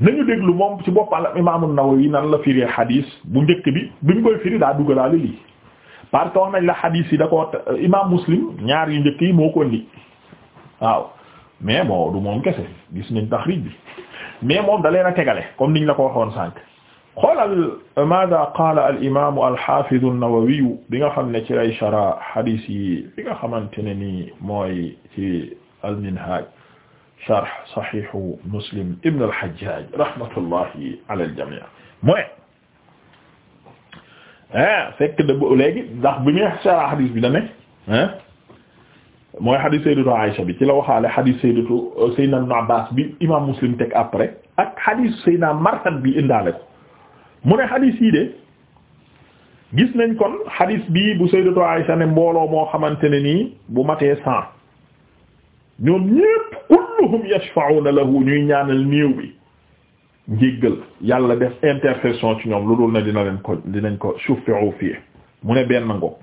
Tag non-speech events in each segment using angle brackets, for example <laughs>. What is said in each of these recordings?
nañu déglu moom ci bopp al imaamu Nawawi nan la firi xadiis bu njëkk bi bi ñu koy firi daa duggalaale lii parce que wax nañ la xadiis yi da ko imaam Muslim ñaar yu njëkk yi moo ko indi waaw mais bon du moom kese gis nañ taxriij bi mais moom da leen tegale comme niñ la ko waxoon sànq xoolal maada qaala al imaamu al xaafizu an-Nawawi bi nga xam ne ci lay shara xadiis yi bi nga xamante ne nii mooy ci al minhaaj sharh sahihu muslim ibn al-Hajjaj rahmatullahi ala al-jami' mooy ah fekk da léegi ndax bi muy sharh hadith bi da ne ah mooy hadith sayyidatu Aisha bi ci la waxaale hadith sayyidatu euh, sayyidina Ibn Abbas bi imam muslim teg après ak hadith sayyidina Marsad bi indaale ko mu ne hadith yi de gis nañ kon hadith bii bu sayyidatu Aisha ne mbooloo moo xamante ne nii bu matee cent ñoom ñépp kulluhum yashfa'una lahu ñuy ñaanal néew bi njéggal yàlla def intercession ci ñoom lu dul na dina leen ko dinañ ko shufi'u fii mu ne benn ngoo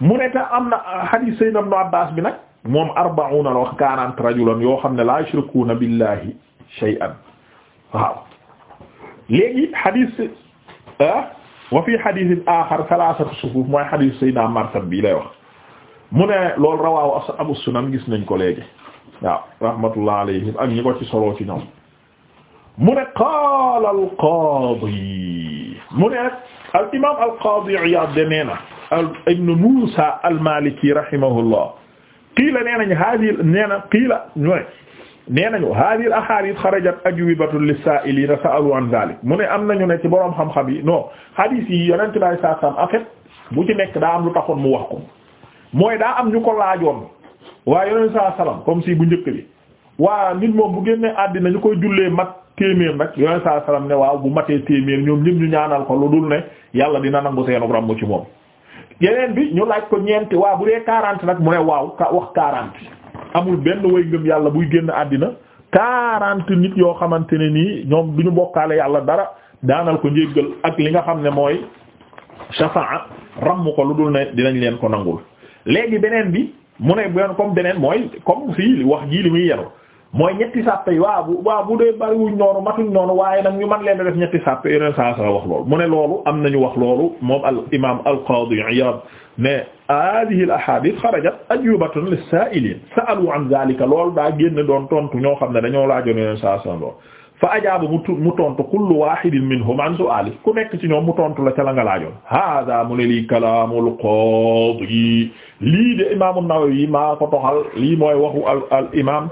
mu ne ta am na hadith sayyidina ibn Abbas bi nag moom arba'una la wax quarante rajulan yoo xam ne la yushrikuuna billahi shay'an waaw léegi hadith ah, wa fi hadith akhar thalathatu sufuf mooy hadith sayyidina Marsad bi lay wax mu ne loolu rawaawu abu sunan gis nañ ko léegi waaw rahmatullah alayhim ak ñi ko ci solo ci ñoom mu ne qaala al-qaadi mu ne nag al imaam al-qaadi Iyaad de nee na ibn Muusa al-Maaliki rahimahullah qiila nee nañ haadihi nee na qiila ñooy nee nañu haadihi al-ahaadiis xarajat ajwibatun lis-saa'iliina sa'aluu an zaalik mu ne am nañu ne ci boroom xam-xam yi non hadiis yi Yonent bi sallallahu alayhi wa sallam en fait bu ci nekk daa am lu taxoon mu wax ko mooy daa am ñu ko laajoon waaye yonent saa salaam comme si bu njëkk bi waa nit moom bu génnee àddina ñu koy jullee mat téeméer nag yonent saa salaam ne waaw bu matee téeméer ñoom ñëpp ñu ñaanal ko lu dul ne yàlla dina nangu seenu ràmm ci moom. yeneen bi ñu laaj ko ñeenti waa bu dee quarante nag mu ne waaw ka wax quarante amul benn way ngëm yàlla buy génn àddina quarante nit yoo xamante ne nii ñoom du ñu bokkaale yàlla dara daanal ko njéggal ak li nga xam ne mooy shafaa ramm ko lu dul ne dinañ leen ko nangul mu ne beneen comme beneen mooy comme fii wax jii li muy yenu mooy ñetti sàppe yi waa bu waa bu dee bariwuñ noonu matuñ noonu waaye nag ñu mën leen def ñetti sàppe yeneen saa saa wax loolu mu ne loolu am nañu wax loolu moom al imam al qadi Iyad ne hadihi al ahadith xarajat ajubatan lis sa'ilin sa'alu an zalika loolu daa génn doon tontu ñoo xam ne ñoo laajoon yeneen saa saa loolu fa ajaaba mu tontu kullu wahidin minhum an su'ali ku nekk ci ñoom mu tontu la ca la nga laajoon hada mu ne lii kalaamul qaadi lii de imam an-Nawawi maa ko toxal lii mooy waxu al al imam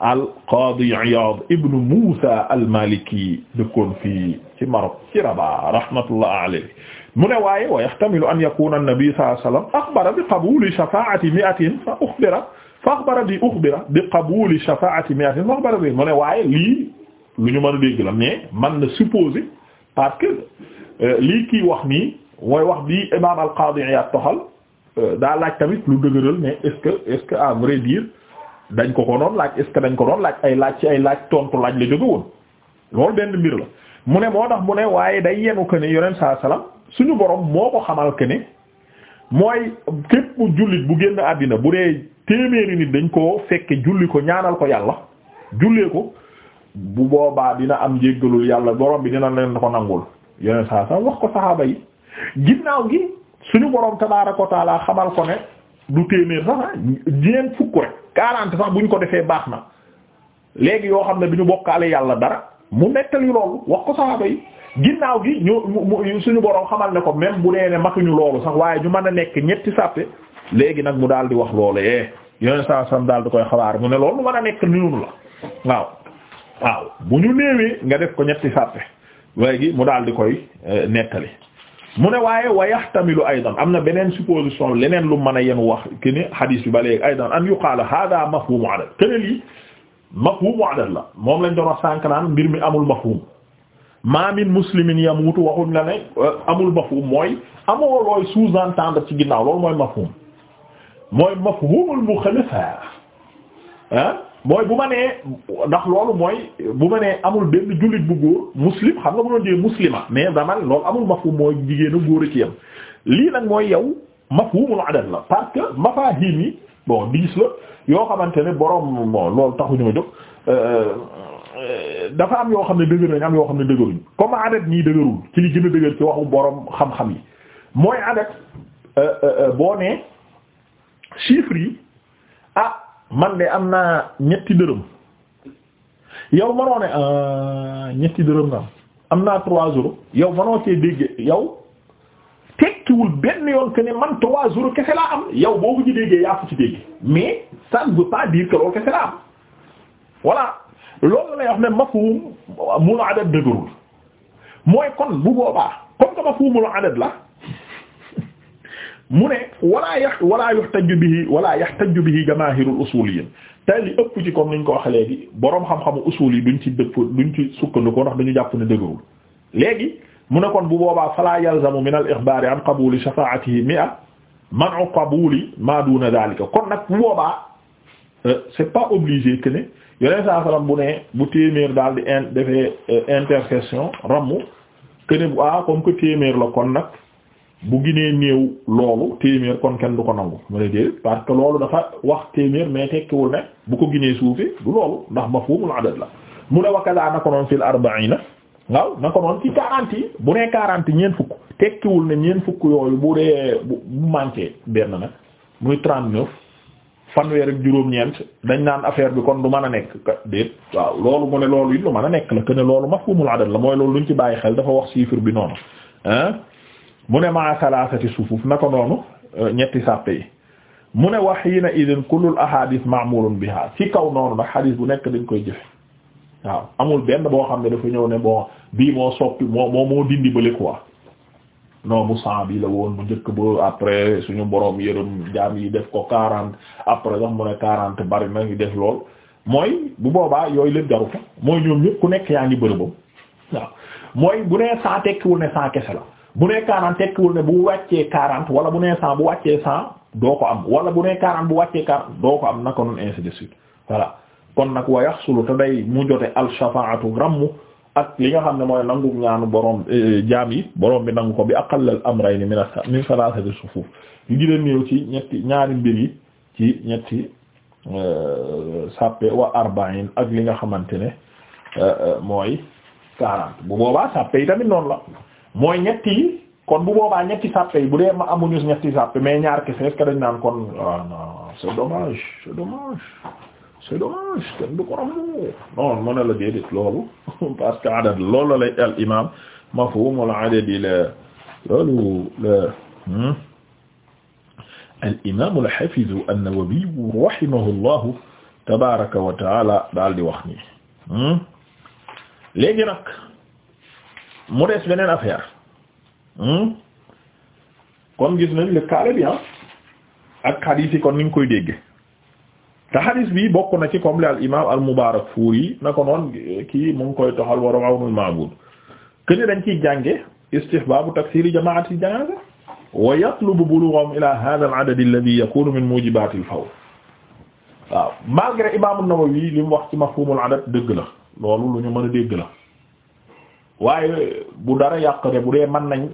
al qaadi Iyaad ibnu Muusa al-Maliki dëkkoon fii ci Maroc ci Rabat rahmatullah alayhi mu ne waaye wa yahtamilu an yakuna an-nabi sallallahu alayhi wasallam axbara bi qabuli shafaa'ati mi'atin fa uxbira fa axbara bi uxbira bi qabuli shafaa'ati mi'atin fa axbara bi mu ne waaye lii lu ñu mën a dégg la mais man na supposer parce que euh, lii kii wax nii mooy wax bii imam al-Qadi Iyad toxal euh, daa laaj tamit lu dëgëral mais est-ce que est-ce dañ ko ko doon laaj est-ce que dañ ko doon laaj ay laaj ci ay laaj tontu laaj la jóge woon lool benn mbir la mu ne moo tax mu ne waaye day yenu que ne yonent saa salaam suñu borom moo ko xamal que ne mooy képp jullit bu génn àddina bu dee téeméeri nit dañ koo fekke julli ko ñaanal ko yàlla jullee ko bu boobaa dina am jéggalul yàlla borom bi dina leen ko nangul yeneen saa wax ko saxaaba yi ginnaaw gi suñu boroom tabaaraka wa taala xamal ko ne du téeméer sax ah ñeent fukk rek quarante sax bu ñu ko defee baax na léegi yoo xam ne bi ñu bokkaale yàlla dara mu nettali loolu wax ko saxaaba yi ginnaaw gi ñu suñu borom xamal ne ko même bu dee ne matuñu loolu sax waaye ñu mën a nekk ñetti sàppe léegi nag mu daal di wax loolu eh yeneen saa sam daal di koy xabaar mu ne loolu mën a nekk niunu la waaw. waaw bu ñu néewee nga def ko ñetti sàppe léegi mu daal di koy eh, nettali mu ne waaye wa yahtamilu aydan am na beneen supposition leneen lu mën a yeen wax ke ni hadis bi ba léegi aydan an yuqaala hada mafhumu adad kene lii mafhumu adad la moom lañ doon wax sànk naan mbir mi amul mafhum ma min muslimin yamutu waxuñ la ne eh, amul mafhum mooy amoo looy sous-entendre ci ginnaaw loolu mooy mafhum mooy mafhumul mukhalafa ah mooy bu ma nee ndax loolu mooy bu ma nee amul benn jullit bu góor muslim xam nga bu doon jëlee muslima mais dama loolu amul mafhum mooy jigéen a góor a ci yem lii nag mooy yow mafhumul adad la parce que mafahim yi bon diis la yoo xamante ne boroom bon loolu taxuñu ma jóg euh, dafa am yoo xam ne dëgër nañ am yoo xam ne dëgëruñ comme adad nii dëgërul ci li gën a dëgër ci waxu borom xam-xam yi mooy adad euh, euh, boo nee chiffres ah. man de am naa ñetti dërëm yow manoo ne ah, ñetti dërëm nga am naa trois euros yow manoo cee dégg yow tekkiwul benn yoon que ne man trois euros kese laa am yow boo ko ci déggee yaa ko ci dégg mais ça ne veut pas dire que loolu kese laa am voilà loolu lay wax ne mafhum mul adad dëgërul mooy kon bu boobaa comme que mafhumul adad la. mu ne walaa yax walaa yuhtaju bihi walaa yahtaju bihi jamaahirul usuliyin tey li ëpp ci comme niñ ko waxee léegi boroom xam-xamu usul yi duñ ci dëpp duñ ci sukkandiku ndax dañu jàpp ne dëgërul léegi mu ne kon bu boobaa falaa yalzamu min al ixbaari an qabuli shafaatihi mi'a ak qabuli ma duna dhalika kon nag bu boobaa euh, c'est pas obligé que ne yeneen saa salaam bu ne bu téeméer daal di in defee euh, intercession ramm que bu ah comme que téeméer la kon nag. bu ginee néew loolu téeméer kon kenn du ko nangu ma ne déedéet parce que loolu dafa wax téeméer mais tekkiwul ne bu ko ginee suufi du loolu ndax mafhumul adad la mu ne wakada na ko noon fil arba'ina waaw na ko noon ci quarante bu nee quarante ñeent fukk tekkiwul ne ñeent fukk yooyu bu dee bu manqué benn nag muy trente neuf fanweer ak juróom-ñeent dañ naan affaire bi kon du man a nekk déet waaw loolu mu ne loolu it lu mën a nekk la que ne loolu mafhumul adad la mooy loolu luñ ci bàyyi xel dafa wax chiffre bi noonu ah mu ne maa salaasati sufuuf na ko noonu euh, ñetti sàppe yi mu ne wa hiina idin kullul ahadith ma'mulun biha ci kaw noonu nag hadith bu nekk dañ koy jëfe waaw amul benn boo xam ne dafa ñëw ne boo bii moo soppi moo moo moo dindi bële quoi non bu cent bii la woon bu njëkk ba après suñu borom yërëm jaam yi def ko quarante après sax mu ne quarante bari na ñu def lool mooy bu boobaa yooyu lépp jaru ko mooy ñoom ñëpp ku nekk yaa ngi bërëbam waaw mooy bu nee saa tekkiwul bu nee quarante tekkiwul ne bu wàccee quarante wala bu nee cent bu wàccee cent doo ko am wala bu nee quarante bu wàccee quarante doo ko am naka noonu ainsi de suite voilà kon nag wa yaxsulu te day mu jote al shafaatu rammu ak li nga xam ne mooy nangu ñaanu borom eh, eh, jaam yi boroom bi nangu ko bi aqall al amrayni min min salasati sufuf yu gën a néew ci ñetti ñaari mbir yi ci ñetti euh, sàppe wa arba'in ak li nga xamante ne euh, euh, mooy quarante bu boobaa sàppe mooy ñett kon bu boobaa ñetti sàppe bu dee ma amuñu ñetti sàppe mais ñaar kese est-ce que dañ naan kon ah non c'est dommage c'est dommage c'est kenn du ko rafetlu non ma la déedéet loolu <laughs> parce que adad loolu lay al imam la loolu la hmm? al imam al hafiz an-Nawawi rahimahullahu tabaaraka wa ta'ala daal di wax nii hmm? léegi nag. mu des beneen affaire hmm? kon gis nañ le bi ah. ak xadiis yi kon ni nga koy dégge te bi bokk na ci comme li al imaam al mubaarak fuur yi na ko noon kii mu koy toxal waroom awnul maabud këni dañ ciy jànge istihbaabu taksiri jamaati janaaza wa yatlubu bulughum ila hadha al adad alladhi yakunu min mujibaati al fawr waaw malgré imaam an li mu wax ci mafhumul dëgg la loolu lu ñu mën a dégg la waaye bu dara yàq bu dee mën nañ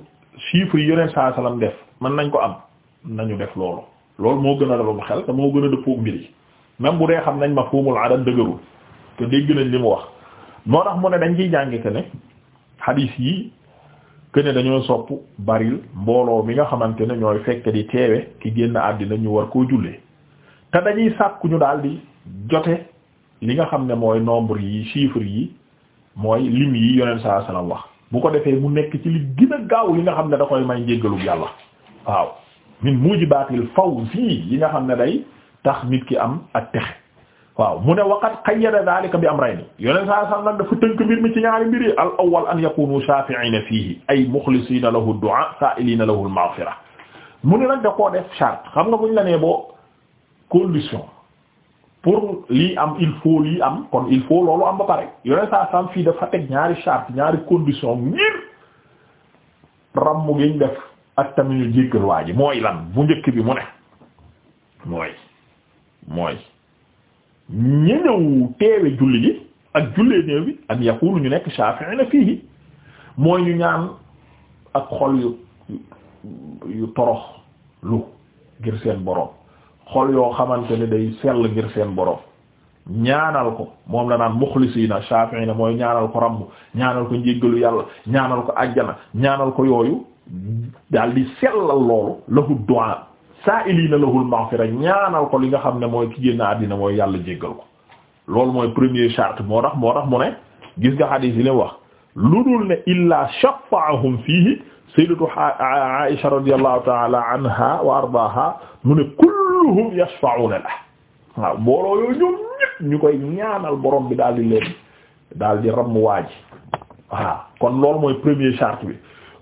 chiffres yi yoneen saa salaam def mën nañ ko am nañu def loolu loolu moo gën a dalum xel te moo gën a dëppoo mbir yi même bu dee xam nañ mafhumul adam dëgërul te dégg nañ li mu wax moo tax mu ne dañ ciy jànge que ne xadiis yi que ne dañoo sopp baril mbooloo mi nga xamante ne ñooy fekk di teewe ki génn àddina ñu war koo jullee te dañuy sàkku ñu daal di jote li nga xam ne mooy nombre yi chiffres yi mooy lim yi yonent saa salaam wax bu ko defee mu nekk ci li gën a gaaw li nga xam ne da koy may njéggalub yàlla waaw min mujibaatil fawzi yi nga xam ne day tax nit ki am ak texe waaw mu ne waqat qayyada dhalika bi amrayni yonent saa salaam nag dafa tënk mbir mi ci ñaari mbir yi al awwal an yakunu shafi'ina fihi ay mukhlisina lahu du'a sa'ilina lahu al maghfira mu ne nag da koo def charte xam nga buñ la nee boo condition pour lii am il faut lii am kon il faut loolu am ba pare yoneen saa sam fii dafa teg ñaari charte ñaari condition ngir ramm giñ def ak tamit ñu jéggal waa ji mooy lan bu njëkk bi mu ne mooy mooy ñi teewe julli ji ak jullee néew bi am yakunu ñu nekk shafi'ina fii mooy ñu ñaan ak xol yu yu torox lu ngir seen boroom xool yoo xamante ne day sell ngir seen borom ñaanal ko moom la naan muxlisiina shafi'ina mooy ñaanal ko ramm ñaanal ko njéggalu yàlla ñaanal ko ajjana ñaanal ko yooyu daal di sellal loolu lahu du'a sa'ilina lahul maghfira ñaanal ko li nga xam ne mooy ki génn àddina mooy yàlla jéggal ko loolu mooy premier charte moo tax moo tax mu ne gis nga xadiis yi wax lu dul ne illaa shafa'ahum fiihi sayyidatu Aisha radiyallahu ta'ala wa ardaaha mu ne kulluhum yashfa'una la waaw mbooloo yooyu ñoom ñëpp ñu koy ñaanal borom bi daal di leen daal di ramm waaji waaw kon loolu mooy premier charte bi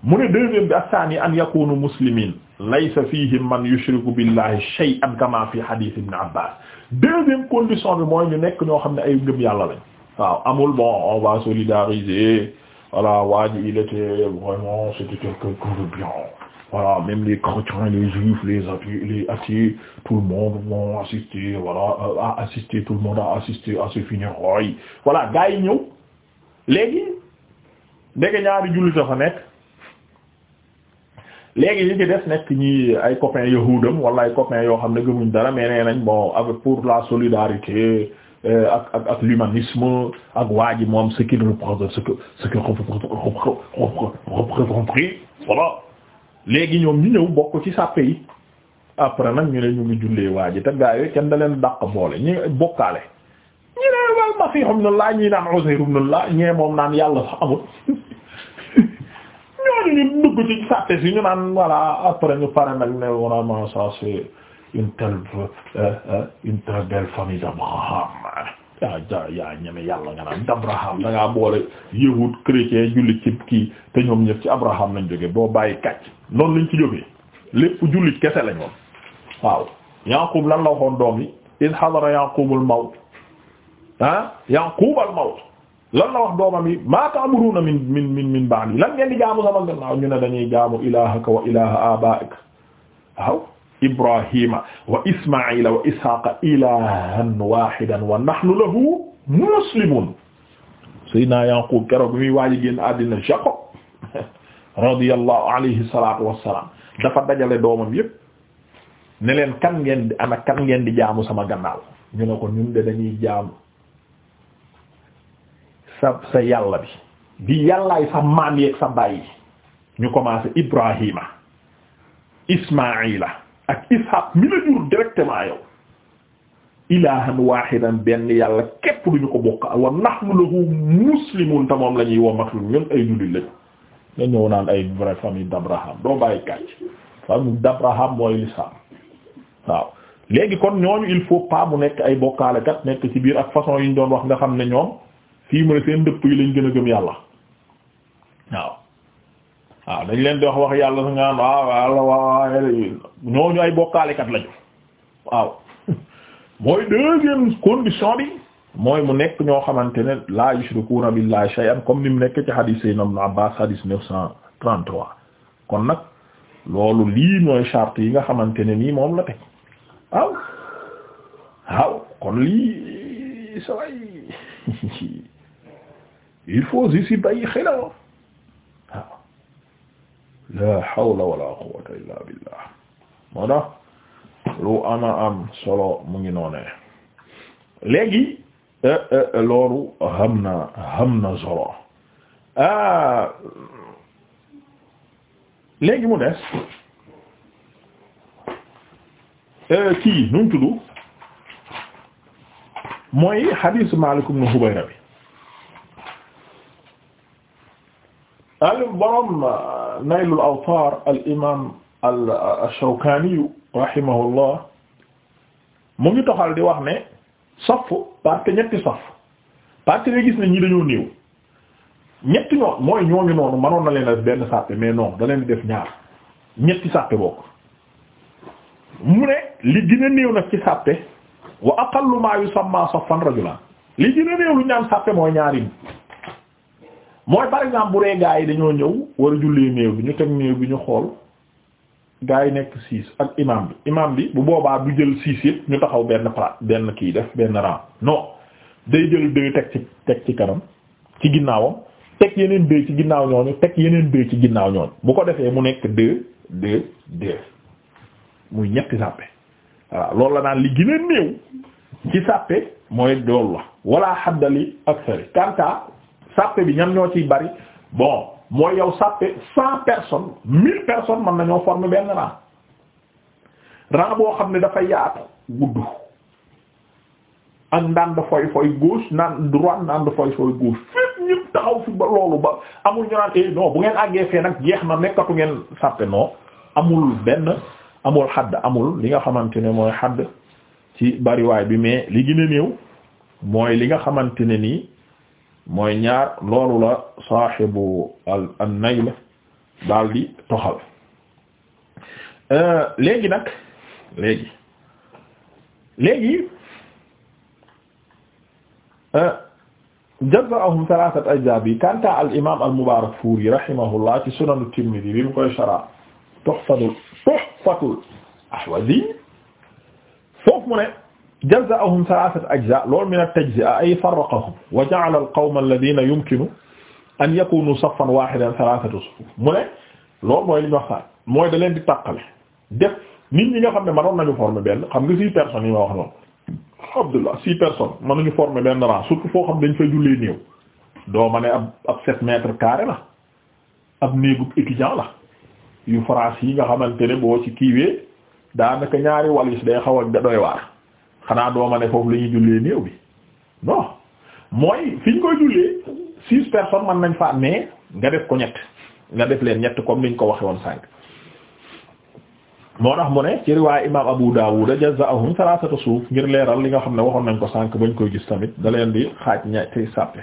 mu ne deuxième bi as-saani an yakunu muslimin laysa fihim man yushriku billahi shay'an kama fi hadith ibn abbas deuxième condition bi mooy ñu nekk ñoo xam ne ay ngëm yàlla lañ waaw amul bon on va solidariser voilà waa ji il était vraiment c'était quelqu'un de bien voilà même les chrétiens les juifs les les athées tout le monde vont assister voilà à assister tout le monde a assisté à ce funérailles voilà gars yi ñëw léegi ndeke ñaari a fa nekk léegi ñi des nekk ñi ay copains yahudam wala ay copains yoo xam ne gëmuñ dara mais nee nañ bon avec pour la solidarité ak ak ak ak waa ji moom que ce que représente voilà léegi ñoom ñu ñëw bokk ci sàppe yi après nag ñu ne ñu ngi jullee waa ji te gaa yooyu kenn da leen boole ñu bokkaale ñu ne wal Masiih ibnu Laa ñii naan Usayr ibnu Laa ñee moom naan yàlla sax amul ñooñu ñu dugg ci sàppe si ñu naan voilà après ñu pare nag ne vraiment ça c'est une telle euh, euh, famille d'Abraham yaa ah, ja yaa ñeme yàlla nga naan d'Abraham da ngaa boole yahud chrétien jullit ci kii te ñoom ñëpp ci Abraham lañ jóge boo bàyyi kàcc noonu lañ ci jógee lépp jullit kese lañ woon waaw Yaqub lan la waxoon doom yi id hadara Yaqubul mawt ah Yaqubal mawt lan la wax doomam yi ma ta'muruna min min min min ba'di lan ngeen di jaamu sama gannaaw ñu ne dañuy jaamu ilahaka wa ilaha abaik waaw ibrahima wa ismaila wa ishaqa ilahan wahidan wa nahnu lahu muslimun sayyidina yaqub keroog bi muy waaji génn àddina jacob <laughs> radiyallahu alayhi salatu wassalam dafa dajale doomam yépp ne leen kan ngeen di kan ngeen di jaamu sama gannaaw ñu ne ko ñun de dañuy jaamu sa sa yàlla bi di yàllaay sa maam yeeg sa baay ñu commencé ibrahima ismaila ak Ishaq mi la jur directement yow ilahan wahidan benn yàlla képp duñu ko bokk wa mu lahu muslimun te moom la ñuy woo ñun ay jullit lañu nga ñëw naan ay vraie famille d'Abraham doo bàyyi kàcc famille d'Abraham mooy l'islam waaw léegi kon ñooñu il faut pas mu nekk ay bokkaalekat nekk ci biir ak façon yi ñu doon wax nga xam ne ñoom fii mu ne seen dëpp yi lañ gën a gëm yàlla waaw waaw dañ leen di wax wax yàlla su nga am waaw yàlla waaw ñooñu ay bokkaalekat lañu waaw mooy deuxième condition bi mooy mu nekk ñoo xamante ne la yushrikuuna billahi shay'an comme ni mu nekk ci hadith Sayyidina Ibn Abbas hadith neuf cent trente-trois kon nag loolu lii mooy charte yi nga xamante ne nii moom la teg waaw waaw kon lii saway <laughs> il faut si si bàyyi xelal la hawla wala quwwata illa billah moo lu ama am solo mu ngi noonee léegi eh, eh, loolu xam na xam na solo ah, léegi mu des eh, kii nu mooy hadith Maalik ibn Hubayra bi al borom Naylul Awtaar al imaam al Shawkaaniyu rahimahullah mu ngi toxal di wax ne saf parce que ñetti saf parce que gis ne ñi dañoo néew ñetti ñoo mooy ñoo noonu mënoon na leen benn sàppe mais non da leen def ñaar ñetti sàppe bokk mu ne li gën a néew nag ci sàppe wa aqallu ma yusamma saffan rajulan li gën a néew lu ñaan sàppe mooy ñaari mooy par exemple bu dee gaa yi dañoo ñëw war a jullee néew bi ñu teg néew bi ñu xool gaa yi nekk six ak imam bi imam bi bu boobaa du jël six yëpp ñu taxaw benn plat benn kii def benn rang non day jël deux teg ci teg ci kanam ci ginnaawam teg yeneen deux ci ginnaaw ñooñu teg yeneen deux ci ginnaaw ñooñu bu ko defee mu nekk deux deux deux muy ñetti sàppe voilà loolu la daan li gën a néew ci sàppe mooy loolu la wala xaddali ak sari kanta sàppe bi ñam ñoo ci bari bon mooy yow sàppe cent personnes mille personnes mën nañoo former benn rang rang boo xam ne dafa yaatu gudd ak ndànd foy foy gauche ndànd droite ndànd foy foy gauche fépp ñëpp taxaw fi ba loolu ba amul ñu naan eh non bu ngeen àggee fee nag jeex na nekkatu ngeen sàppe non amul benn amul xadd amul li nga xamante ne mooy xadd ci bariwaay bi mais li gën a néew mooy li nga xamante ne nii mooy ñaar loolu la saaxibu an-Nayl daal di toxal euh, léegi nag léegi léegi euh, jazaahum thalathat ajza bi kanta al imam al Mubarakfuri rahimahullah ci sunan at-Tirmidhi bi mu koy shara tuhfatul tuhfatul ahwazi foofu mu ne jazaahum salaasata ajzaa loolu min at-tajzia ay farraqahum wa ja'ala al-qawma alladhina yumkinu an yakunu saffan waahidan salaasata sufuf mu ne loolu mooy li ñu wax mooy da leen di tàqale def nit ñi nga xam ne mënoon nañu former benn xam nga six personnes yi ma wax noonu alhamdulillah six personnes mënuñu former benn rang surtout foo xam dañ fay jullee néew doo ma ne ab ab sept mètres carrés la ab néegu étudiant la yu France yi nga xamante ne boo ci kiiwee daanaka ñaari walis day xaw a waar. xanaa dooma ne foofu la ñuy jullee néew bi non mooy fi ñu koy jullee six personnes mën nañ fa mais nga def ko ñett nga def leen ñett comme niñ ko waxe woon sànq moo tax mu ne ci riwaay imam Abu Dawud jazaahum salaasata suuf ngir leeral li nga xam ne waxoon nañ ko sànq bañ koy gis tamit daleen di xaaj ñetti sàppe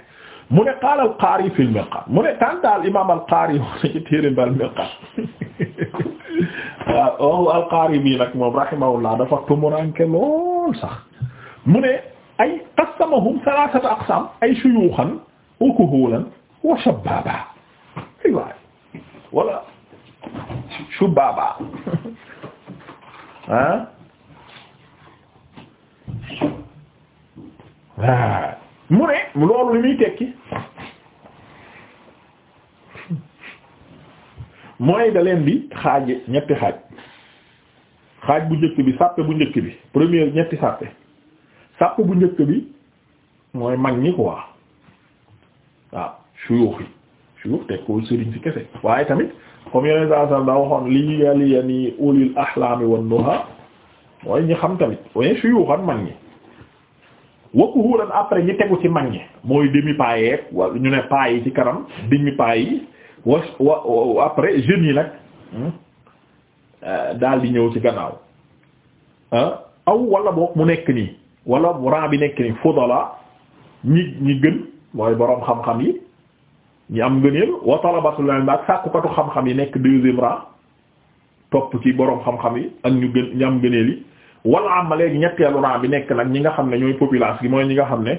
mu ne qaala al-Qaari fil mu ne kantaal imam al-Qaari wax na ci téere bi al <laughs> waaw waxu al-Qaari bii nag moom rahimahullah dafa tumuranke lool sax mu ne ay qasamahum salasata aqsam ay shuyuxan ukuhulan wa shababa ay waay wala shubaba <laughs> ah waa mu ne loolu li muy tekki mooy da leen bi xaaje ñetti xaaj xaaj bu njëkk bi sàppe bu njëkk bi premier ñetti sàppe sàppe bu njëkk bi mooy mag ñi quoi waaw suyuux yi suyuux teg ko sëriñ si kese waaye tamit comme yeneen saa saa daa waxoon li yali yani ulil ahlaami wan nuha mooy ñi xam tamit waaye suyuuxan mag ñi wakku xuuran après ñi tegu ci mag ñi mooy demi payeeg ñu ne payi ci kanam demi payi wa wa après jeunes yi nag hmm? Euh, daal di ñëw ci gannaaw aw walla boog mu nekk nii wala rang bi nekk nii la ñi ñi gën mooy boroom xam-xam yi ñi am ngëneel wa talabatul ilm ak sàkkukatu xam-xam yi nekk deuxième rang topp ci boroom xam-xam yi ak ñu gën ñi am ngëneel yi wala am ma léegi ñetteelu rang bi nekk nag ñi nga xam ne ñooy population gi mooy ñi nga xam ne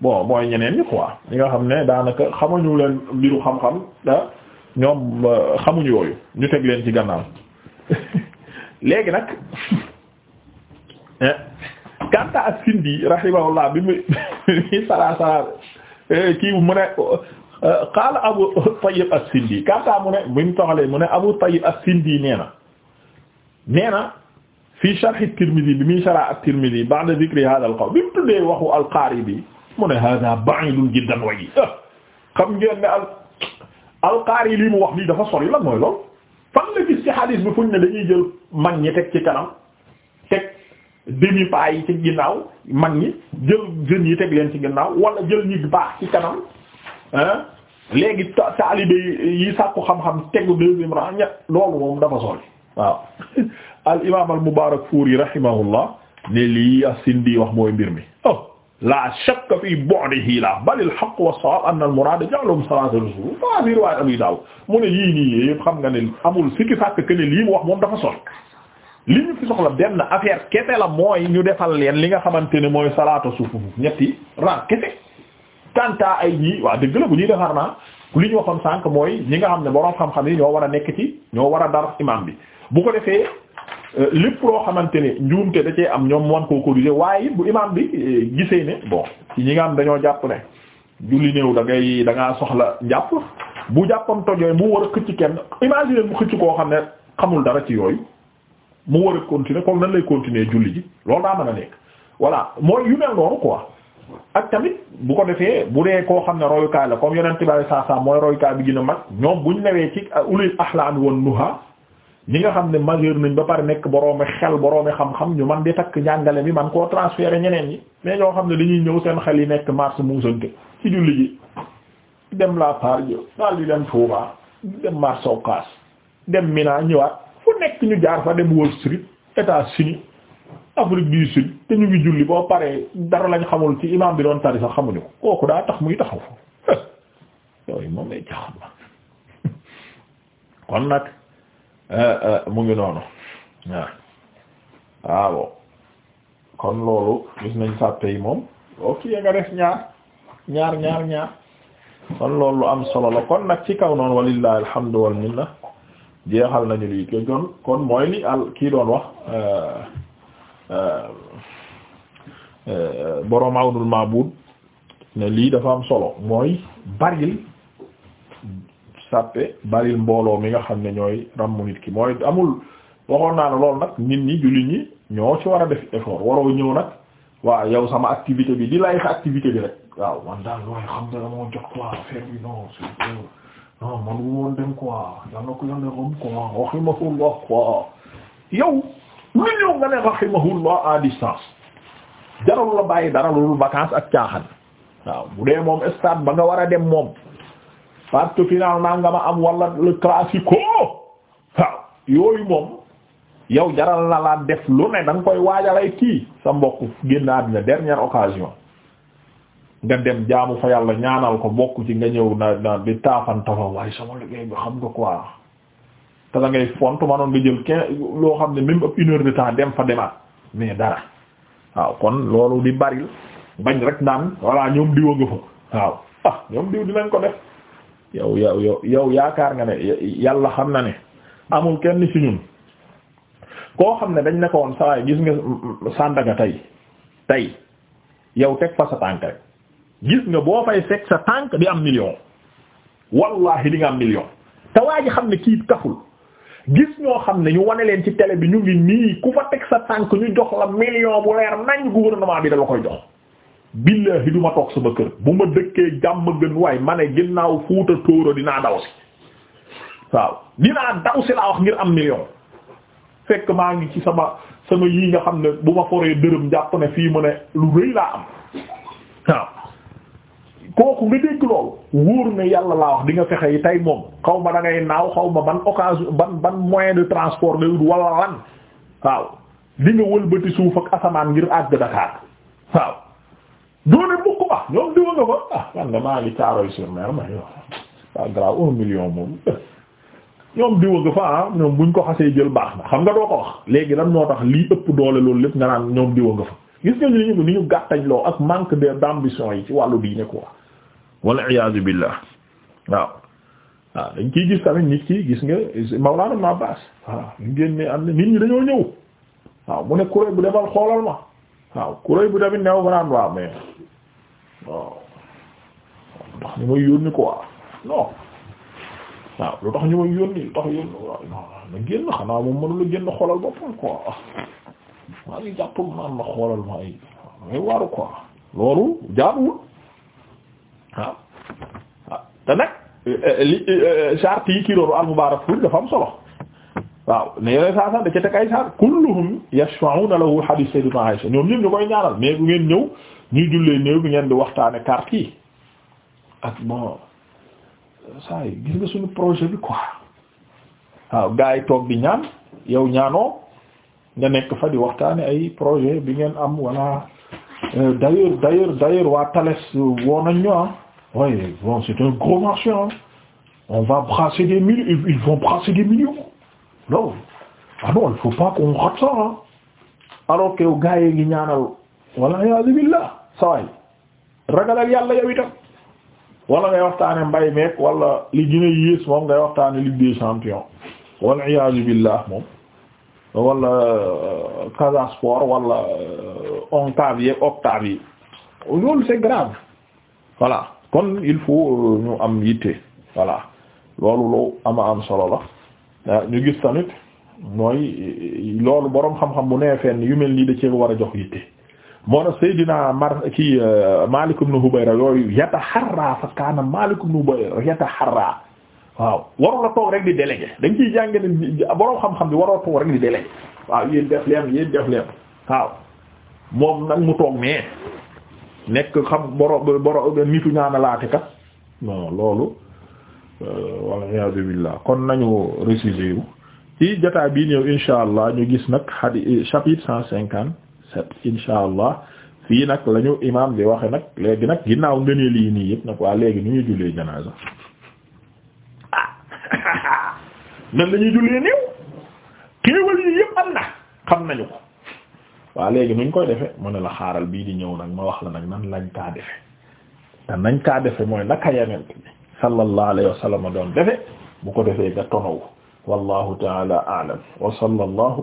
bon mooy ñeneen ñi quoi ñi nga xam ne daanaka xamuñu leen mbiru xam-xam ah, ñoom euh, xamuñu yooyu ñu teg leen ci gannaaw <laughs> léegi nag eh, kanta as-Sindi rahimahullah bi mu sara sara kii mu ne eh, qaala Abu Tayyib as-Sindi kanta mu ne bi mu toxalee mu ne Abu Tayyib as-Sindi nee na nee na fii sharh at-Tirmidhi bi muy sharh at-Tirmidhi ba'da dhikri hadha al-qawl bi mu tuddee waxu al-Qaribi mu ne hadha ba'idun jiddan waji eh, xam ngeen ne al al-Qari li mu wax nii dafa sori lan mooy lool fan la ci xadis bi fuñ ne dañuy jël mag ñi teg ci kanam teg demi yi ci ginnaaw mag ñi jël jeunes yi teg leen ci ginnaaw wala jël ñi baax ci kanam ah léegi taalibe yi sàkku xam-xam tegu deuxième rang ñett loolu moom dafa soli waaw al imaam al yi rahimahullah ne lii as-Sindi wax mooy mbir mi oh! la shakka fi bu'dihi la bal al haqq wa sawab anna al murad ja'lum salatu rasul fa fi yii nii yëpp xam nga ne amul sikki fàkk que ne lii mu wax moom dafa sol li ñu fi soxla benn affaire kese la mooy ñu defal leen li nga xamante ne mooy salaatu sufu ñetti ran kese kanta ay ñii waa dëgg la bu ñuy defar naa li ñu waxoon sànq mooy ñi nga xam ne boroom xam-xam yi ñoo war a nekk ci ñoo war a dar imam bi bu ko defee Euh, lépp loo xamante ne njuumte da cee am ñoom wan koo corriger waaye bu imaam bi euh, gisee ne bon ci ñi nga am dañoo jàpp ne julli néew da ngay da soxla jàpp bu jàppam tojooy mu war a xëcc kenn imagine bu xëcc koo xam ne xamul dara ci yooyu mu war a continuer comme nan lay continuer julli ji loolu daa mën a nekk voilà mooy yu mel noonu quoi ak tamit bu ko defee bu dee koo xam ne royukaay la comme yeneen tubaab yi saa mooy royukaay bi gën a ñoom bu ñu newee ci euh, ulul ahlan wan nuha ñi nga xam ne majeur nañ ba pare nekk boroomi xel boroomi xam-xam ñu man di takk njàngale bi man koo transférer ñeneen ñi mais ñoo xam ne dañuy ñëw seen xel yi nekk mars muusante ci julli ji dem la par jo daal di dem Touba dem marché Ocass dem Mina ñëwaat fu nekk ñu jaar fa dem Wall Street États-Unis Afrique du Sud te ñu ngi julli boo paree dara lañ xamul ci imam bi doon tari sax xamuñu ko kooku daal tax muy taxaw foofu <laughs> <laughs> kon nag Eh, eh, mu ngi noonu waaw waaw kon loolu gis nañ sàppe yi moom ok nga def ñaar ñaar ñaar ñaar kon loolu lu am solo la kon nag ci kaw noonu walillahi alhamdu wal minna jeexal nañu lii ko kon mooy li al kii doon wax eh, boroom awnul maabud ne lii dafa am solo mooy baril sàppe baril mbooloo mi nga xam ne ñooy ràmm nit ki mooy amul waxoon naa ne loolu nag nit ñi jullit ñi ñoo ci war a def effort waroo ñëw nag waaw yow sama activité bi di lay activité bi rek waaw man daal waaye xam nga dama jot quoi ko yàlla rom quoi rahimahullah quoi yow lu ñëw nga ne rahimahullah à distance jarul la bàyyi dara loolu ak caaxaan waaw bu dee moom stade ba nga war a dem moom parce que finalement nga ma am wala le yooyu moom yow jaral na laa def lu ne da nga koy waajalay kii sa mbokk génn àddina dernière occasion nga dem jaamu fa yàlla ñaanal ko bokk ci nga ñëw na na di taafan tafa waaye sama liggéey bi xam nga quoi te da ngay font manoon nga jël quinze loo xam ne même ab une de temps dem fa demaat mais dara waaw kon loolu di baril bañ rek naan voilà ñoom diwa nga fa waaw ah ñoom diw dinañ ko def yow yow yow yow yaakaar nga ne yàlla xam na ne amul kenn ci ñun koo xam ne dañ ne ko woon sawaay gis nga Sandaga tey tey yow teg fa sa tànk rek gis nga boo fay fekk sa tànk di am million wallahi di nga am million te waa ji xam ne kii kaful gis ñoo xam ne ñu wane leen ci télé bi ñu ngi nii ku fa teg sa tànk ñu jox la million bu leer nañ gouvernement bi da la koy jox billahi du ma toog sama kër bu ma dëkkee jàmm gën waaye ma ne ginnaaw fuuta tóora dinaa daw si waaw dinaa daw si laa wax ngir am million fekk maa ngi ci sama sama yii nga xam ne bu ma foree dërëm jàpp ne fii mu ne lu rëy laa am waaw kooku nga dégg loolu wóor ne yàlla laa wax di nga fexe yi tey moom xaw ma da naaw xaw ma ban occasion ban ban moyen de transport nga wala lan waaw di wëlbati suuf ak asamaan ngir àgg Dakar waaw doone mukk ba ñoom diwa nga ko ah man de maa ngi caaroy sur mer ma yow pas grave un million moom <laughs> ñoom diwa nga fa ah ñoom buñ ko xasee jël baax na xam nga doo ko wax léegi lan moo tax lii ëpp doole loolu lépp nga naan ñoom diwa nga fa gis nga ni ñu ni ñu gàttañ loo ak manque d'ambition yi ci wàllu diine quoi wal iyaazu billah waaw waaw ah, dañ ciy gis tamit nit ki gis nga Mawlana Ibn Abbas waaw ah, génne am na nit ñi dañoo ñëw waaw mu ne kuréel bu demal xoolal ma waaw bu tamit neew banaan non lu tax ñu may yónni quoi non waaw lu tax ñu may yónni lu tax yónni waaw non na génn xanaa moom mënula génn xoolal boppam quoi maa ngi jàppul naan ma xoolal ma ay may waaru quoi loolu jaaduwul waaw waaw te nag eh, li eh, eh, charte yi kii doonu al-mubaarak fuñ dafa am solo waaw ne yoneen saa sax da ca teg ay charte kulluhum yashfa'una lahu hadith sayyidina Aisha ñoom ñëpp ñu koy ñaanal mais bu ngeen ñëw ñuy jullee néew bi ngeen di waxtaane carte yi ak bon saa yi gis nga suñu projet bi quoi waaw gars yi toog di ñaan yow ñaanoo nga nekk fa di waxtaane ay projet bi ngeen am wala euh, d'ailleurs d'ailleurs d'ailleurs waa Thales woo nañ ñu ah. bon c'est un gros marché on va brasser des millions ils vont brasser des millions non ah que yow gars ngi ñaanal wala yaa billah saway ragalal yàlla yow itam ngay waxtaane mbay meek wala li gën a yées moom ngay waxtaane ligue des champions wal iyaazu billah moom wala euh, Casa Sport wala euh, onctave yeeg octave yi loolu c'est grave voilà kon il faut euh, ñu am yitte voilà loolu lu ama am solo la ñu gis tamit mooy loolu boroom xam-xam bu nee fenn yu mel nii da cee war a jox yitte moo tax Seydina kii euh, Maalik ibn Hubayra yooyu yataharra kaana Maalik ibn Hubayra yataharra waaw waroo la toog rek di délégué dañ ciy jàng ne borom xam-xam bi waroo waaw def leen yéen def leen waaw nag mu toog mais nekk xam borom borom nitu ñaana kat loolu euh, wal iyaazu billaah kon nañu réciser yu ci bii ñëw insha allah ñu gis nag xadi chapitre cent cinquante sept insha allah fii nag lañu ñu imaam bi waxe nag léegi nag ginnaaw ngënee lii nii yëpp nag waa léegi nu ñuy jullee janaasa ah <laughs> nan la néew xéewal yi yëpp am na xam nañu ko waa léegi nuñ koy defee mu ne la xaaral bii di ñëw nag ma wax la nag nan lañ kaa defe te kaa defe mooy naka yenent bi sallallahu alayhi wa sallam doon defe bu ko defee nga tonow wallahu taala aalam wa sallallahu